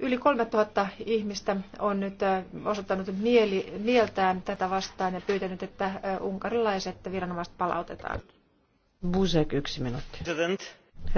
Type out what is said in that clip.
Yli 3000 ihmistä on nyt osoittanut mieli, mieltään tätä vastaan ja pyytänyt, että unkarilaiset viranomaiset palautetaan. Buzek, yksi minuutti.